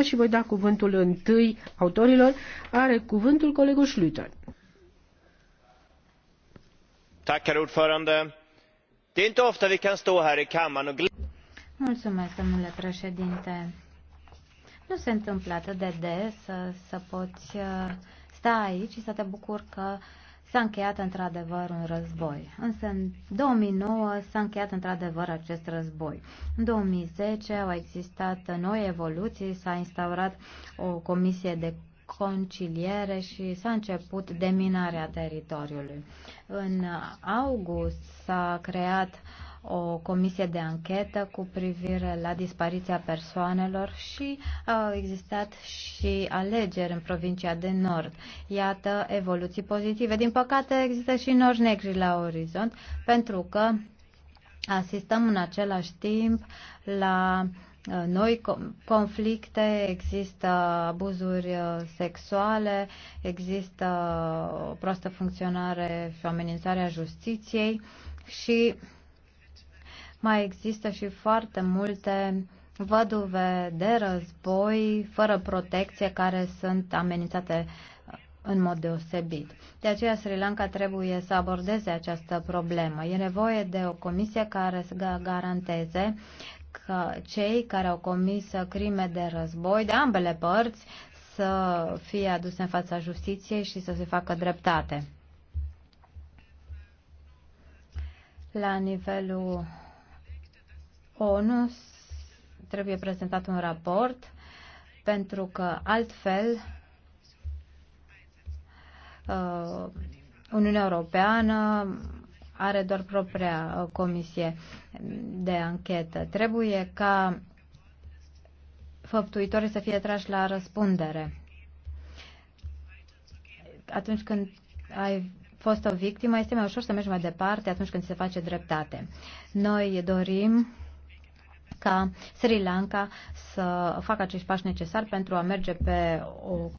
și voi da cuvântul întâi autorilor. Are cuvântul colegul Schlüter. Tack, herr ordförande. Det är inte ofta vi kan stå här i kammaren och Mulțumesc, domnule președinte. Nu se întâmplă atât de des să, să poți uh, sta aici și să te bucur că uh, s-a încheiat într-adevăr un război. Însă în 2009 s-a încheiat într-adevăr acest război. În 2010 au existat noi evoluții, s-a instaurat o comisie de conciliere și s-a început deminarea teritoriului. În august s-a creat o comisie de anchetă cu privire la dispariția persoanelor și au existat și alegeri în provincia de nord. Iată evoluții pozitive. Din păcate există și nori negri la orizont pentru că asistăm în același timp la uh, Uh, noi conflicte, există abuzuri uh, sexuale, există uh, o proastă funcționare și o amenințare a justiției și mai există și foarte multe văduve de război fără protecție care sunt amenințate în mod deosebit. De aceea Sri Lanka trebuie să abordeze această problemă. E nevoie de o comisie care să garanteze că cei care au comis crime de război de ambele părți să fie aduse în fața justiției și să se facă dreptate. La nivelul ONU trebuie prezentat un raport pentru că altfel uh, Uniunea Europeană are doar propria uh, comisie de anchetă. Trebuie ca făptuitorii să fie trași la răspundere. Atunci când ai fost o victimă, este mai ușor să mergi mai departe atunci când se face dreptate. Noi dorim ca Sri Lanka să facă acești pași necesari pentru a merge pe o